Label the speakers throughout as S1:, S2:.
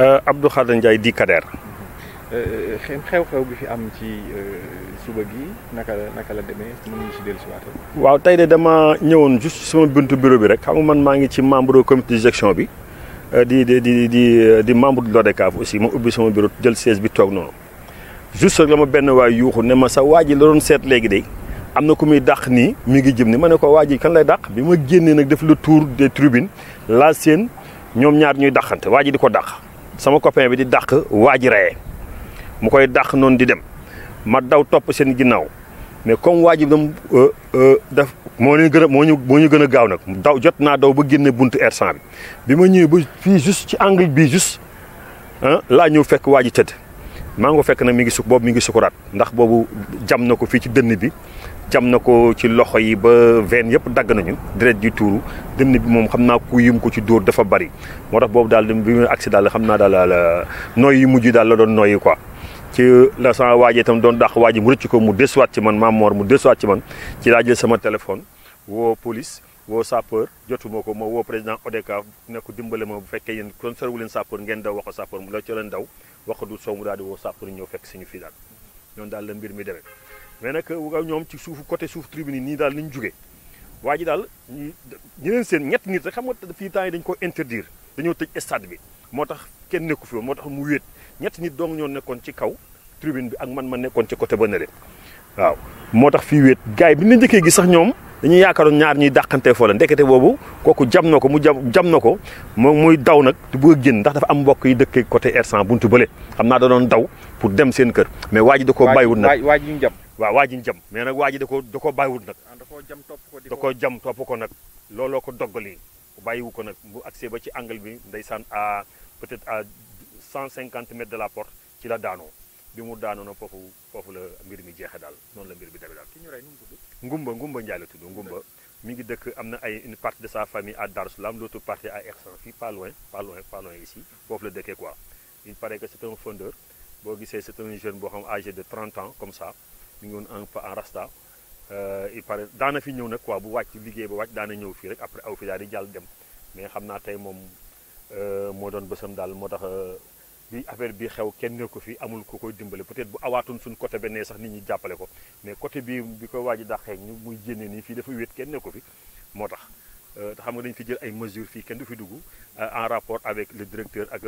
S1: Euh, Abdou Khadre Ndiaye di Kader.
S2: Euh, euh, xew-xew bi fi am ci suba gi naka la naka la demee mën nga si dellusiwaat.
S1: waaw tey de dama ñëwoon juste sama buntu bureau bi rek xam nga man maa ngi ci membre comité de gestion bi di di di di di membre de l'ODCAV aussi ma ubbi sama jël siège bi toog noonu juste rek la ma benn waay yuuxu ne ma sa waa ji la doon seet léegi de am na ko muy dàq nii mi ngi jëm ni ma ne ko waa ji kan lay dàq bi ma génnee nag def le tour de tribunes la seen ñoom ñaar ñuy dàqante waa ji di ko dàq. sama copain bi di dàq waa ji mu koy dàq noonu di dem ma daw topp seen ginnaaw mais comme waa ji dam euh, euh, daf moo leen gën moo ñu moo ñu gën a gaaw nag daw jot naa daw ba génne bunt R100 bi ma ñëwee ba fii juste ci angle bii juste ah laa ñëw fekk waa ji tëdd maa ngi ko fekk nag mi ngi su boobu mi ngi sukuraat ndax boobu jam na ko fii ci dënn bi cam na ko ci loxo yi ba veine yëpp dagg nañu deret ji dem ni bi moom xam naa ku yum ko ci dóor dafa bari moo tax boobu daal bi mu agsi daal xam naa daal nooy yi mujj daal la doon nooyi quoi ci la sama waajee itam doon dàq waaji mu rëcc ko mu desuwaat ci man maam Mor mu desuwaat ci man ci laa jël sama téléphone woo police woo sapeur jotuma ko ma woo président ODCAV ne ko dimbale ma bu fekkee yéen conservé wu leen sapeur ngeen daw wax a sapeur mu la ci leen daw wax du soo mu daal di fii daal noonu daal la mbir mi demee mais nag ñoom ci suufu côté suuf tribune yi nii daal ni ñu jugee waa ji daal ñu seen ñett nit rek xam nga fii temps yi dañu ko interdire dañoo tëj stade bi moo tax kenn nekku fi moo tax mu wéet ñett nit dong ñoo nekkoon ci kaw tribune bi ak man ma nekkoon ci côté ba nële waaw moo tax fii wéet gars yi bi ñu njëkkee gi sax ñoom dañu yaakaaroon ñaar ñuy dàqantee foo la boobu kooku jam na ko mu jam jam na ko moom muy daw nag du boo a génn ndax dafa am mbokk yi dëkkee côté R100 buntu bële xam naa da doon daw pour dem seen kër mais waa ji da koo bàyyiwul nag waa ji ñu jam waaw waa ji ñu jam mais nag waa ji da ko da koo bàyyiwul nag. Ah, da koo jam topp ko da koo jam topp ko nag. looloo ko doggalee bàyyiwu ko nag bu accès ba ci angle bi ndeysaan à peut-être à 150 mètres de la porte ci la daanoo bi mu daanoo na foofu foofu la mbir mi jeexee daal noonu la mbir bi demee daal. ñu rey nu mu tudd. Ngumba Ngumba Ndiaye la tudd Ngumba mi ngi dëkk am na ay une partie de sa famille à Darou Salam l'autre partie à Ersan fii pas loin pas loin pas loin ici foofu la dëkkee quoi il paraît que boo gisee c'est un jeune boo xam âgé de 30 ans comme ça. mi ngi woon en en rasta euh, il paraît daana fi ñëw nag quoi bu wàcc liggéey ba wàcc daana ñëw fii rek après aw fi daal di jàll dem mais xam naa tey moom euh, moo doon bësam daal moo tax euh, bi affaire bi xew kenn ne ko fi amul ko koy dimbale peut-être bu awaatoon suñ côté benn sax nit ñi jàppale ko mais côté bii bi ko waaj a dàqee ñu muy jénnee nii fii dafa wéet kenn ne ko fi moo tax te xam nga dañ fi jël ay mesures fii kenn du fi dugg en rapport avec le directeur ak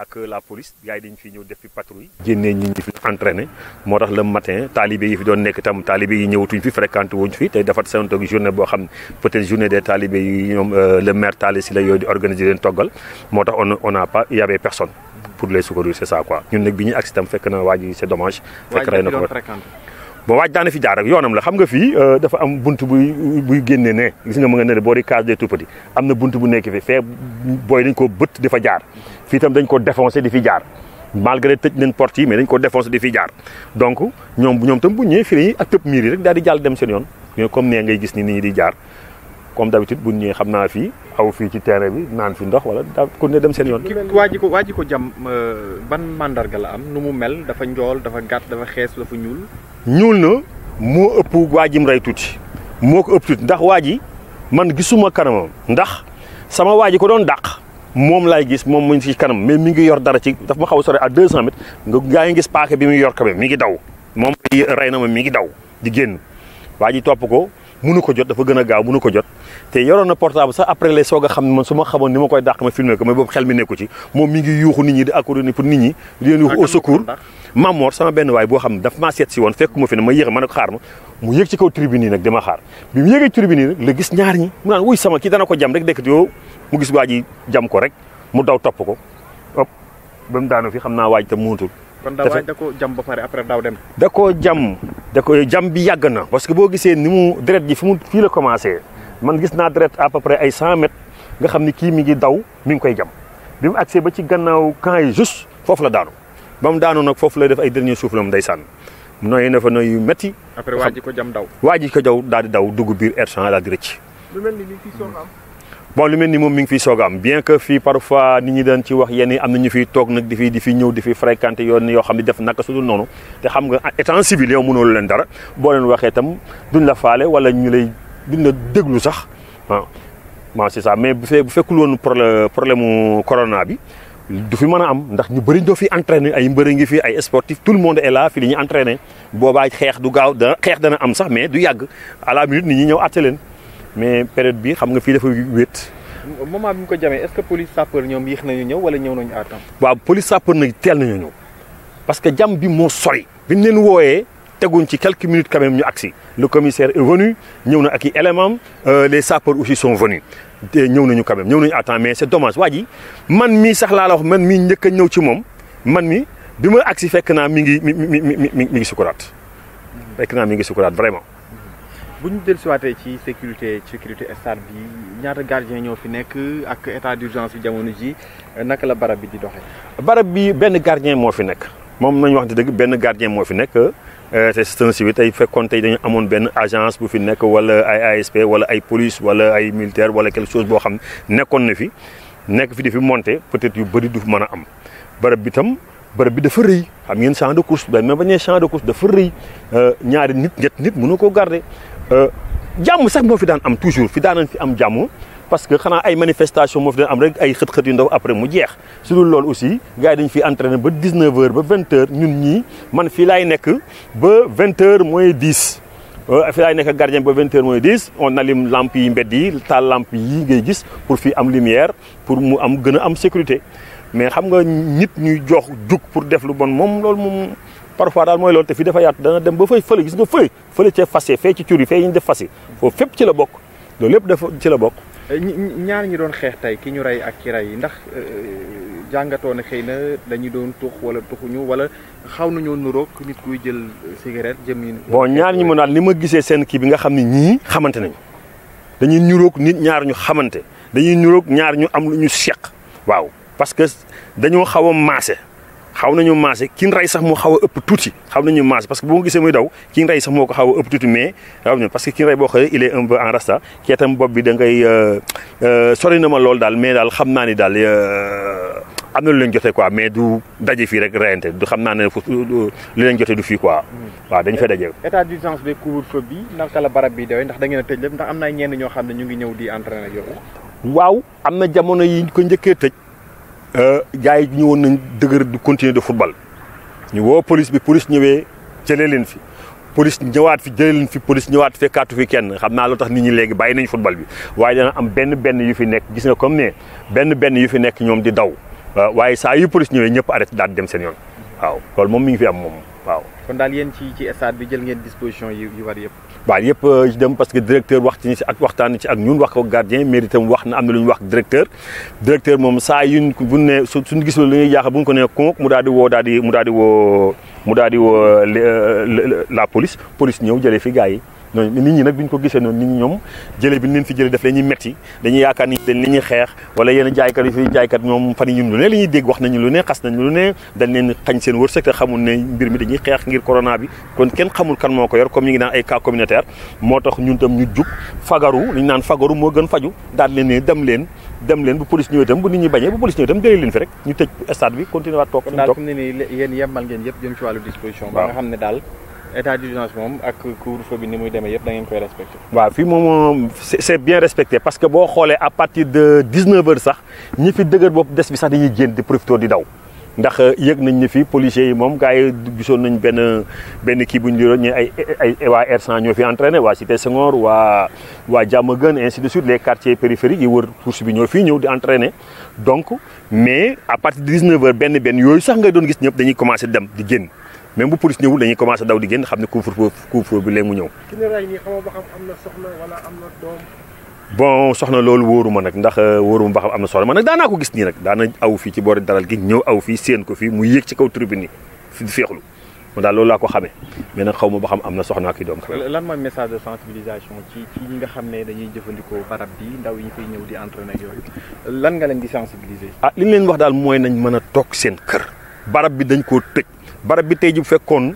S1: ak la police gars yi dañ fi ñëw def fi patrouille. génnee ñi ñi fi entraîné moo tax le matin taalibe yi fi doon nekk tam taalibe yi ñëwatuñ fi fréquenté wuñ fi tey dafa seen togg journée boo xam peut-être journée des taalibe yi ñoom euh, le maire taali si la yooyu moo tax on on a pas y avait personne pour les secourir c'est ça quoi ñun nag bi ñuy agsi fi yoonam la xam nga fii euh, dafa am bunt buy buy génne ne gis nga mu nga ne boori case des tout petits am na bunt bu nekk fi fee booy dañ koo bët di jaar fii itam dañ ko défoncé di fi jaar malgré tëj nañ porte yi mais dañ ko défoncé di fi jaar donc ñoom ñoom itam bu ñëwee fii la a ak tëb miir yi rek daal di jàll dem seen yoon mais comme nee ngay gis ni nit ñi di jaar comme d'habitude bu ñëwee xam naa fii aw fii ci terrain bi naan fi ndox wala daa kon ne dem seen yoon. waa ji
S2: ko waa ko jam euh, ban mandarga la am nu mu mel dafa njool dafa gàtt dafa xees dafa ñuul.
S1: ñuul na moo ëpp waa ji mu rey tuuti moo ko ëpp tuuti ndax waa ji man gisuma kanamam ndax sama waa ji ko doon dàq. moom laay gis moom mu ngi ci kanam mais mi ngi yor dara ci daf ma xaw a sore à 200 mètres nga gaa ngi gis paaka bi mu yor quand même ngi daw moom rey na ma mi ngi daw di génn waa ji topp ko. mënu ko jot dafa gën a gaaw mënu ko jot te yoroon na portable sax après les soog a ne man su ma xamoon ni ma koy dàq ma filmé ko mais boobu xel mi nekku ci moom mi ngi yuuxu nit ñi di accourni pour nit ñi di leen yuuxu ah, au secours Mamor ne daf maa seet si ma yéex a ma ne ko xaar ma mu yëg ci kaw tribune mu yëgee tribune ko jam rek dekkat yoo ko xam naa waaj te muutul
S2: kon da waaj da koo jam ba pare après daw dem
S1: da koo jam da ko jam bi yàgg na parce que boo gisee ni mu deret ji fi mu fii la commencé man gis naa deret à peu près ay 100 mètres nga xam ni kii mi ngi daw mi ngi koy jam bi mu agsee ba ci gannaaw camp yi juste foofu la daanu ba mu daanoon nag foofu lay def ay dernier souffle am ndeysaan nooy na fa nooy yu métti. après waa ji ko jam daw. waa ji ko jaw daal di daw dugg biir air champs daal di rëcc. bon lu mel ni moom mi ngi fiy soog am bien que fii parfois nit ñi dañ ci wax yenn am na ñu fiy toog nag di fi di fi ñëw di fi fréquenté yoon yoo xam ne def naka su dul noonu te xam nga étant civil yow mënoo leen dara boo leen waxee du duñ la faale wala ñu lay duñ la déglu sax waaw ah, waaw c'est ça mais bu fee bu fekkul woon problème problème corona bi du fi mën a am ndax ñu bëri doo fi entraîné ay mbëri ngi fi ay sportif tout le monde est là fi li ñuy entraîné boobaa xeex gaaw da xeex dana am sax mais du yàgg à la minute ñëw àtte leen mais période bi xam nga fii dafa wéet.
S2: moment bi mu ko jamee est-ce que police sapeur ñoom yéex nañu ñëw wala ñëw nañu à
S1: temps. waaw police sapeur nag teel nañu ñëw parce que jàmm bi moo sori. bi ñu leen wooyee teguñ ci quelques minutes quand ñu agsi le commissaire est venu ñëw na ak i éléments euh, les sapeurs aussi son venus te ñëw nañu quand ñëw nañu à temps mais c'est dommage waa ji man mii sax laa la wax man mii njëkk a ñëw ci moom man mi bi ma agsi fekk naa mi ngi mi mi mi ngi sukuraat fekk naa mi ngi sukuraat vraiment.
S2: bu ñu dellusiwaatee ci sécurité sécurité stade bi ñaata gardien ñoo fi nekk ak état d'urgence bi jamono ji naka la barab bi di
S1: doxee. barab bi benn gardien moo fi nekk moom nañu wax di dëgg benn gardien moo fi nekk te système civil tey fekkoon tey dañu amoon benn agence bu fi nekk wala ay ASP wala ay police wala ay militaire wala quelque sos boo xam nekkoon na fi nekk fi di fi monter peut-être yu bëri du mën a am barab bi tam bërëb bi dafa rëy xam ngeen champ de course même ba ñee champ de course dafa rëy euh, ñaari nit ñett nit mënu koo garder Euh, jàmm sax moo fi daan am toujours fi daanan fi am jàmm parce que xanaa ay manifestation moo fi daan am rek ay xët-xët yu ndaw après mu jeex su dul lool aussi gars yi dañu fi entraîné ba 19 heures ba 20 heures ñun ñii man fii laay nekk ba 20 heures moins 10 euh, fii laay nekk gardien ba 20 heures moins 10 on allume lampe yi mbedd yi taal lampe yi ngay gis pour fi am lumière pour mu am gën a am sécurité mais xam nga nit ñuy jox jug pour def lu bon moom loolu moom parfois daal mooy lool te fii dafa yaatu dana dem ba fay fële gis nga fële fële cee fas yi fee ci cur yi fee ñu def fas yi foofu fépp ci la bokk loolu lépp dafa ci la bokk.
S2: Eh, ñaar ñi doon xeex tey ñu rey ak ki rey ndax eh, jàngatoon na xëy na dañu doon tux wala tuxuñu wala xaw nañoo nuroog nit kuy jël cigarette jëm yi.
S1: bon ñaar ñi mu naan li ma gisee seen kii bi nga xam ne ñii xamante nañu dañuy nuroog nit ñaar ñu xamante dañuy nuroog ñaar ñu am lu ñu seq waaw parce que dañoo xaw a maase xaw nañu maase kin rey sax moo xaw a ëpp tuuti xaw nañu maase parce que boo gisee muy daw kin rey sax moo ko xaw a ëpp tuuti mais parce que kin rey boo xoolee il est un peu en rasta kee bopp bi da ngay euh, euh, na ma lool daal mais daal xam naa ni daal euh, am na lu leen jotee quoi mais du daje fii rek reyante du xam naa ne lu leen jote du fii quoi. Hmm. waa dañu fay daje.
S2: état d'urgence bi couvre-feu bi naka la barab bi dawee ndax da ngeen a tëj lépp ndax am na ñenn ñoo xam ne ñu ngi
S1: ñëw di entraîner yow. waaw am na jamono yi ko Euh, gars yi ñëwoon nañ dëgër di continuer de football ñu woo police bi police ñëwee jëlee leen fi police ñëwaat fi jëlee leen fi police ñëwaat fekkaatu fi kenn xam naa loo tax nit ñi léegi bàyyi nañ football bi waaye dana am benn benn yu fi nekk gis nga comme ne benn benn yu fi nekk ñoom di daw waaye saa yu police ñëwee ñëpp arrêté daal dem seen yoon waaw loolu moom mi ngi fi am moom. waaw kon daal yéen ci ci stade bi jël ngeen disposition yi yi war yëpp. waaw yëpp euh, ci dem parce que directeur wax ci ak waxtaan ci ak ñun wax ko gardien mairie tam wax na am na lu ñu wax directeur. directeur moom saa yuñ bu ne su suñu gis lu ñuy jaaxal bu ñu ko nee konk mu daal di woo daal di mu daal woo mu daal di woo euh, euh, la police police ñëw jëlee fi gars yi. ñooñu nit ñi nag bu ñu ko gisee noonu nit ñi ñoom jëlee bi ñu leen fi jëlee daf leen ñuy metti dañuy yaakaar ni dañ li ñuy xeex wala yenn jaaykat yi fi jaaykat ñoom fan ne xas nañ lu ne leen xañ seen wërsëg te xamul ne mbir mi dañuy corona bi kon kenn xamul kan moo ko yor comme ñu ngi naan ay cas communautaire moo tax ñun tam ñu jug fagaru li ñu naan fagaru moo gën faju daal leen ne dem leen dem leen bu police ñëwee itam bu nit ñi bañee bu police ñëwee itam jëlee leen fi rek ñu tëj stade bi continuer waat toog fi ñu toog kon daal fi mu ne nii yéen yemal ngeen yëpp jëm ci wàllu disposition ba nga xam ne daal état d'urgence moom ak couvre-feu bi ni muy demee yëpp da ngeen koy respecté. waaw fii moom c'est bien respecté parce que boo xoolee à partir de 19 heures sax ñi fi dëgër bopp des bi sax dañuy génn di profité di daw. ndax euh, yëg nañ ni fi policiers yi moom gars yi gisoon nañu benn benn kii bu ñu doon ñu ay ay waa R100 ñoo fi entraîné waa Cité Senghor waa waa Diamaguène ainsi de suite les quartiers périphériques yi wër course bi ñoo fii ñëw di entraîné. donc mais à par de 19 benn yooyu sax nga doon gis ñëpp dañuy commencé dem di génn. même bu police ñëwul lañuy commencé daw di génn xam ne couvre-feu couvre-feu bi léegi mu ñëw.
S2: ki ne rey nii xam
S1: soxna loolu wóoru ma nag ndax euh, wóoru ma ba am na soxna man nag daanaa ko gis nii nag daana aw fii ci boori daral gi ñëw aw fii séen ko fii mu ci kaw tribune yi di féexlu man loolu laa ko xamee mais nag xaw ma ba xam am na soxna ak i doom.
S2: lan mooy message de sensibilisation ci ci nga xam ne dañuy jëfandikoo barab bi ndaw yi ñu koy ñëw di entraîner yooyu lan nga leen di sensibiliser.
S1: ah li leen wax daal mooy nañ mën a toog seen kër barab bi dañ koo tëj barab bi tey ji bu fekkoon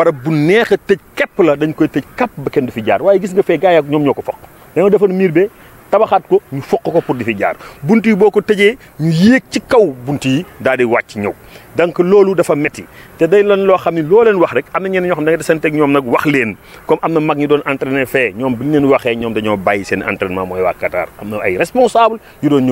S1: barab bu neex a tëj képp la dañ koy tëj kàpp ba kenn du fi jaar waaye gis nga fee gaay ak ñoom ñoo ko foq dañoo defar miir be tabaxaat ko ñu foq ko pour di fi jaar bunt yi boo ko tëjee ñu yéeg ci kaw bunt yi daal di wàcc ñëw donc loolu dafa metti te day lan loo xam ne looleen wax rek am na ñenn ñoo xam ne da nga desante ñoom nag wax leen comme am na mag doon entraîner fee ñoom ñu leen waxee ñoom dañoo bàyyi seen entraînement mooy waa Qatar am na ay responsable yu doon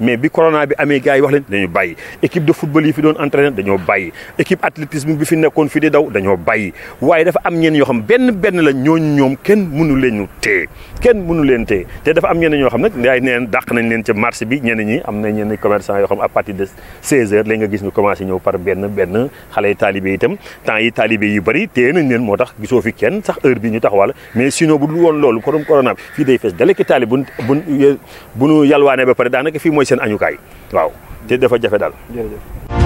S1: mais bi corona bi amee gars yi wax leen dañu bàyyi équipe de football yi fi doon entraîner dañoo bàyyi équipe athlétisme bi fi nekkoon fi di daw dañoo bàyyi waaye dafa am yoo xam benn benn la ñooñ ñoom kenn mënu leen ñu tee mënu leen te dafa am ñenn ñoo xam nag daay neen dàq nañ leen ca marché bi ñenn ñi am na ñenn commerçant yoo xam à partir de 16 heures léegi nga gis commencé ñëw par benn benn xale yi taalibe itam temps yi taalibe yi bari téye nañ leen moo tax gisoo fi kenn sax heure bi ñu tax taxawal mais sinon bu dul woon loolu korom corona fii day fees daleki taali bu bu bu nu yalwaanee ba pare daanaka fii mooy seen añukaay waaw te dafa jafe daal